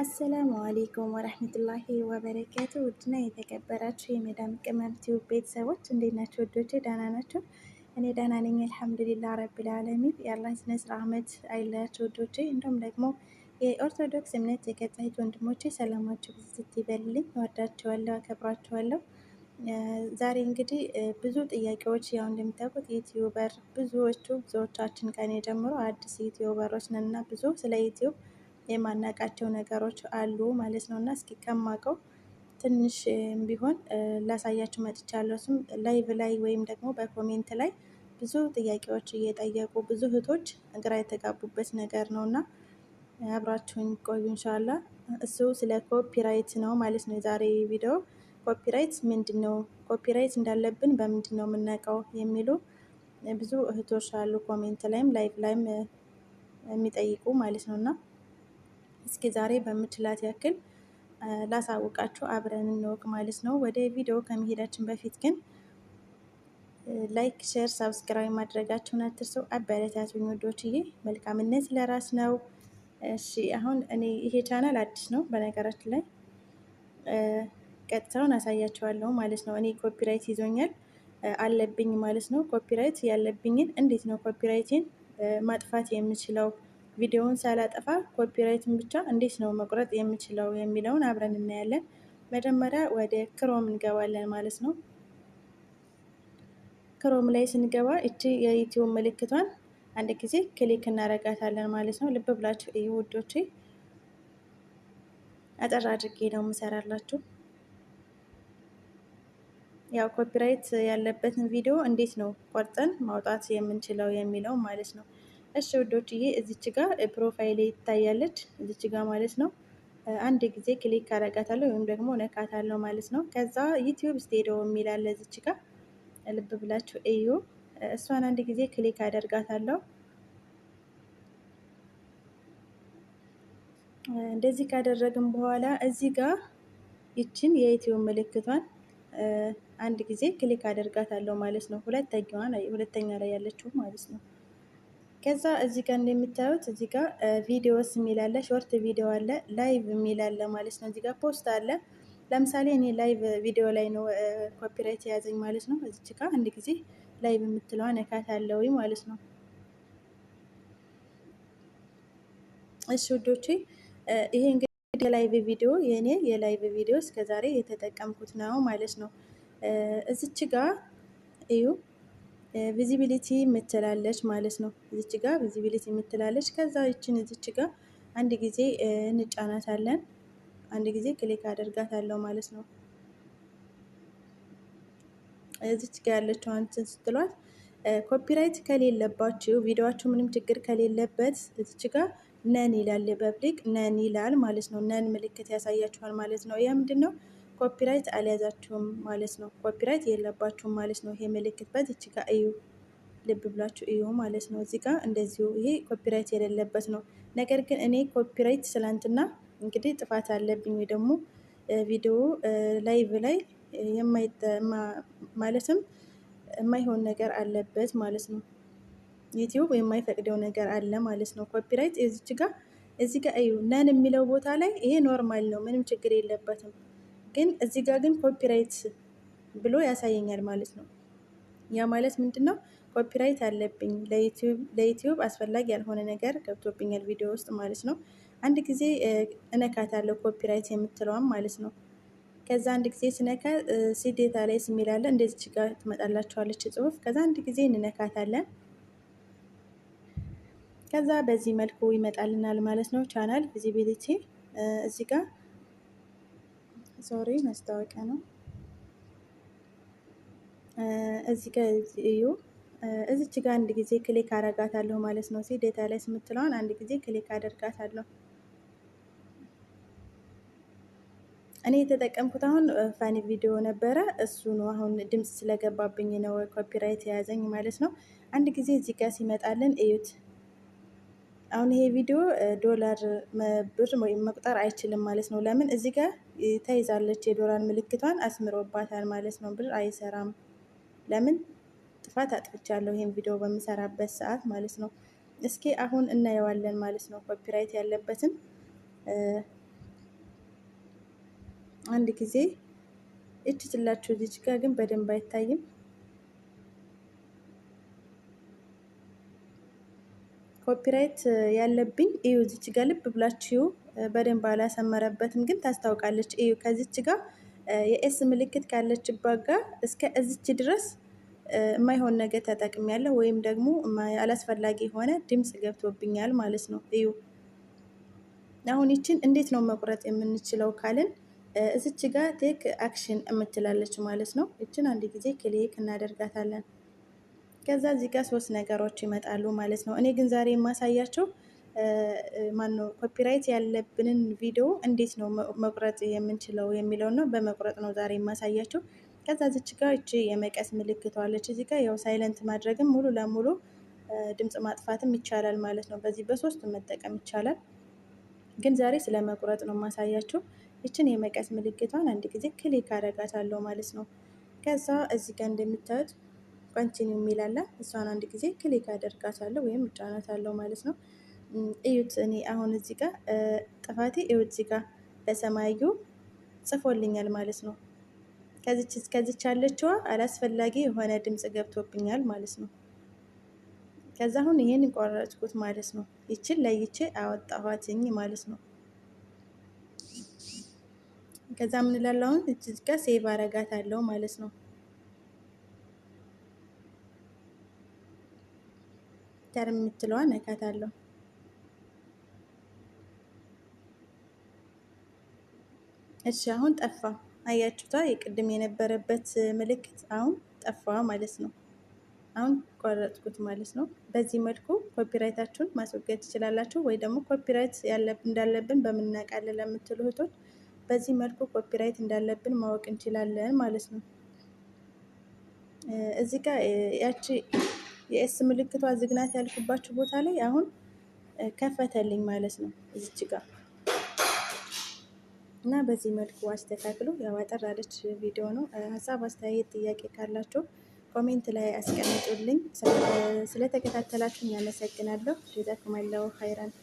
አሰላሙ አሌይኩም ወረህመቱላሂ ወበረካቱ። ውድና የተከበራችሁ የሜዳም ቅመም ቲዩብ ቤተሰቦች እንዴት ናቸው? ወዶቼ ዳና ናቸው። እኔ ዳና ነኝ አልሐምዱሊላህ ረብል ዓለሚን። የአላህ ስነ ስርዓት አይለያቸው ወዶቼ። እንዲሁም ደግሞ የኦርቶዶክስ እምነት ተከታይ ወንድሞቼ ሰላማችሁ ብዝት ይበልልኝ። ወዳችኋለሁ፣ አከብራችኋለሁ። ዛሬ እንግዲህ ብዙ ጥያቄዎች ያው እንደሚታወቁት ዩቲዩበር ብዙዎቹ ብዙዎቻችን ከኔ ጀምሮ አዲስ ዩቲዩበሮች ነን እና ብዙ ስለ ዩቲዩብ የማናቃቸው ነገሮች አሉ ማለት ነው እና እስኪ ከማውቀው ትንሽ ቢሆን ላሳያችሁ መጥቻለሁ። እሱም ላይቭ ላይ ወይም ደግሞ በኮሜንት ላይ ብዙ ጥያቄዎች እየጠየቁ ብዙ እህቶች ግራ የተጋቡበት ነገር ነው እና አብራችሁን ቆዩ እንሻላ። እሱ ስለ ኮፒራይት ነው ማለት ነው የዛሬ ቪዲዮ። ኮፒራይት ምንድን ነው? ኮፒራይት እንዳለብን በምንድን ነው የምናውቀው? የሚሉ ብዙ እህቶች አሉ ኮሜንት ላይም ላይቭ ላይም የሚጠይቁ ማለት ነው እና እስኪ ዛሬ በምችላት ያክል ላሳውቃችሁ፣ አብረን እንወቅ ማለት ነው። ወደ ቪዲዮ ከመሄዳችን በፊት ግን ላይክ፣ ሼር፣ ሳብስክራይብ ማድረጋችሁን አትርሱ። አበረታቱኝ ውዶችዬ። መልካምነት ለራስ ነው። እሺ አሁን እኔ ይሄ ቻናል አዲስ ነው በነገራችን ላይ ቀጥታውን አሳያቸዋለሁ ማለት ነው። እኔ ኮፒራይት ይዞኛል አለብኝ ማለት ነው። ኮፒራይት ያለብኝን እንዴት ነው ኮፒራይቴን ማጥፋት የምችለው ቪዲዮውን ሳላጠፋ ኮፒራይትን ብቻ እንዴት ነው መቁረጥ የምችለው የሚለውን አብረን እናያለን። መጀመሪያ ወደ ክሮም እንገባለን ማለት ነው። ክሮም ላይ ስንገባ እቺ የዩቲዩብ ምልክቷን አንድ ጊዜ ክሊክ እናረጋታለን ማለት ነው። ልብ ብላችሁ እዩ ውዶች፣ አጠር አድርጌ ነው የምሰራላችሁ። ያው ኮፒራይት ያለበትን ቪዲዮ እንዴት ነው ቆርጠን ማውጣት የምንችለው የሚለው ማለት ነው። እሺ ውዶችዬ እዚች ጋር ፕሮፋይል ይታያለች እዚች ጋር ማለት ነው። አንድ ጊዜ ክሊክ አረጋታለሁ ወይም ደግሞ ነካታለሁ ማለት ነው። ከዛ ዩቲዩብ ስቴዲዮ የሚላለ እዚች ጋር ልብ ብላችሁ እዩ። እሷን አንድ ጊዜ ክሊክ አደርጋታለሁ። እንደዚህ ካደረግን በኋላ እዚህ ጋር ይችን የዩቲዩብ ምልክቷን አንድ ጊዜ ክሊክ አደርጋታለሁ ማለት ነው። ሁለተኛዋ ሁለተኛ ላይ ያለችው ማለት ነው። ከዛ እዚ ጋር እንደምታዩት እዚ ጋር ቪዲዮስ አለ፣ ሾርት ቪዲዮ አለ፣ ላይቭ አለ ማለት ነው። እዚ ጋር ፖስት አለ። ለምሳሌ እኔ ላይቭ ቪዲዮ ላይ ነው ኮፒራይት የያዘኝ ማለት ነው። እዚች ጋር አንድ ጊዜ ላይቭ የምትለዋ ነካት አለው ማለት ነው። እሺ ውዶቼ ይሄ እንግዲህ የላይቭ ቪዲዮ የእኔ የላይቭ ቪዲዮ እስከዛሬ የተጠቀምኩት ነው ማለት ነው። እዚች ጋር እዩ ቪዚቢሊቲ የምትላለች ማለት ነው። እዚች ጋር ቪዚቢሊቲ የምትላለች ከዛ ይችን እዚች ጋር አንድ ጊዜ እንጫናታለን። አንድ ጊዜ ክሊክ አደርጋታለሁ ማለት ነው። እዚች ጋር ያለችው አንትን ስትሏት ኮፒራይት ከሌለባችሁ ቪዲዮችሁ ምንም ችግር ከሌለበት እዚች ጋር ነን ይላል። በብሊክ ነን ይላል ማለት ነው። ነን ምልክት ያሳያችኋል ማለት ነው። ያ ምንድን ነው? ኮፒራይት አልያዛችሁም ማለት ነው። ኮፒራይት የለባችሁም ማለት ነው። ይሄ ምልክት በዚች ጋር እዩ፣ ልብ ብላችሁ እዩ ማለት ነው። እዚህ ጋር እንደዚሁ ይሄ ኮፒራይት የሌለበት ነው። ነገር ግን እኔ ኮፒራይት ስላንትና እንግዲህ ጥፋት አለብኝ ወይ ደግሞ ቪዲዮ ላይቭ ላይ ማለትም የማይሆን ነገር አለበት ማለት ነው። ዩቲዩብ የማይፈቅደው ነገር አለ ማለት ነው። ኮፒራይት እዚች ጋር እዚህ ጋር እዩ ነን የሚለው ቦታ ላይ ይሄ ኖርማል ነው፣ ምንም ችግር የለበትም። ግን እዚህ ጋር ግን ኮፒራይት ብሎ ያሳየኛል ማለት ነው። ያ ማለት ምንድን ነው? ኮፒራይት አለብኝ ለዩትዩብ አስፈላጊ ያልሆነ ነገር ገብቶብኛል ቪዲዮ ውስጥ ማለት ነው። አንድ ጊዜ እነካታለሁ ኮፒራይት የምትለዋም ማለት ነው። ከዛ አንድ ጊዜ ስነካ ሲዴታ ላይ ስሚላለ እንደዚች ጋር ትመጣላችኋለች ጽሁፍ። ከዛ አንድ ጊዜ እንነካታለን። ከዛ በዚህ መልኩ ይመጣልናል ማለት ነው። ቻናል ቪዚቢሊቲ እዚህ ጋር ሶሪ ማስታወቂያ ነው። እዚህ ጋር እዩ። እዚች ጋር አንድ ጊዜ ክሊክ አረጋታለሁ ማለት ነው። እዚህ ዴታ ላይ የምትለውን አንድ ጊዜ ክሊክ አደርጋታለሁ። እኔ የተጠቀምኩት አሁን ፋኒ ቪዲዮ ነበረ። እሱ ነው አሁን ድምፅ ስለገባብኝ ነው ኮፒራይት የያዘኝ ማለት ነው። አንድ ጊዜ እዚህ ጋር ሲመጣልን እዩት። አሁን ይሄ ቪዲዮ ዶላር ብር ወይም መቁጠር አይችልም ማለት ነው። ለምን እዚህ ጋር ተይዛለች። የዶላር ምልክቷን አስምሮባታል ማለት ነው። ብር አይሰራም። ለምን ጥፋት አጥፍቻለሁ፣ ይህን ቪዲዮ በምሰራበት ሰዓት ማለት ነው። እስኪ አሁን እናየዋለን ማለት ነው። ኮፒራይት ያለበትን አንድ ጊዜ እች ትላችሁ ልጅ ጋር ግን በደንብ አይታይም። ኮፒራይት ያለብኝ እዩ፣ እዚች ጋር ልብ ብላችሁ በደንብ አላሰመረበትም፣ ግን ታስታውቃለች። እዩ ከዚች ጋር የኤስ ምልክት ካለችባት ጋር እስከ እዚች ድረስ የማይሆን ነገር ተጠቅሜያለሁ ወይም ደግሞ አላስፈላጊ የሆነ ድምፅ ገብቶብኛል ማለት ነው። እዩ አሁን ይችን እንዴት ነው መቁረጥ የምንችለው ካልን እዚች ጋር ቴክ አክሽን የምትላለች ማለት ነው። ይችን አንድ ጊዜ ክሊክ እናደርጋታለን። ከዛ እዚህ ጋር ሶስት ነገሮች ይመጣሉ ማለት ነው። እኔ ግን ዛሬ የማሳያቸው ማነው ኮፒራይት ያለብንን ቪዲዮ እንዴት ነው መቁረጥ የምንችለው የሚለው ነው። በመቁረጥ ነው ዛሬ የማሳያቸው። ከዛ ዝች ጋ እቺ የመቀስ ምልክት አለች እዚህ ጋ ያው ሳይለንት ማድረግም ሙሉ ለሙሉ ድምፅ ማጥፋትም ይቻላል ማለት ነው። በዚህ በሶስቱ መጠቀም ይቻላል። ግን ዛሬ ስለ መቁረጥ ነው የማሳያችሁ። ይችን የመቀስ ምልክቷን አንድ ጊዜ ክሊክ አደርጋታለሁ ማለት ነው። ከዛ እዚህ ጋር እንደምታዩት ኮንቲኒው የሚላለ እሷን አንድ ጊዜ ክሊክ አደርጋታለሁ ወይም እጫናታለሁ ማለት ነው። እዩት። እኔ አሁን እዚህ ጋር ጥፋቴ እዩት፣ እዚህ ጋር በሰማዩ ጽፎልኛል ማለት ነው። ከዚች ከዚች ያለችዋ አላስፈላጊ የሆነ ድምፅ ገብቶብኛል ማለት ነው። ከዛ አሁን ይሄን ቆረጥኩት ማለት ነው። ይችን ለይቼ አወጣኋትኝ ማለት ነው። ከዛ ምን እላለሁ አሁን እዚህ ጋር ሴቭ ማለት ነው። ተር የምትለዋ አለው። እሺ አሁን ጠፋ። አያችሁታ? የቅድም የነበረበት ምልክት አሁን ጠፋ ማለት ነው። አሁን ቆረጥኩት ማለት ነው። በዚህ መልኩ ኮፒራይታችሁን ማስወገድ ትችላላችሁ። ወይ ደግሞ ኮፒራይት እንዳለብን በምናውቃለን ለምትሉ እህቶች በዚህ መልኩ ኮፒራይት እንዳለብን ማወቅ እንችላለን ማለት ነው። እዚህ ጋር ያቺ የኤስ ምልክቷ ዝግናት ያልኩባችሁ ቦታ ላይ አሁን ከፈተልኝ ማለት ነው እዚች ጋር እና በዚህ መልኩ አስተካክሉ። ያው አጠር ያለች ቪዲዮ ነው። ሀሳብ፣ አስተያየት፣ ጥያቄ ካላችሁ ኮሜንት ላይ አስቀምጡልኝ። ስለተከታተላችሁ እናመሰግናለሁ። ጀዛኩም አላሁ ኸይራን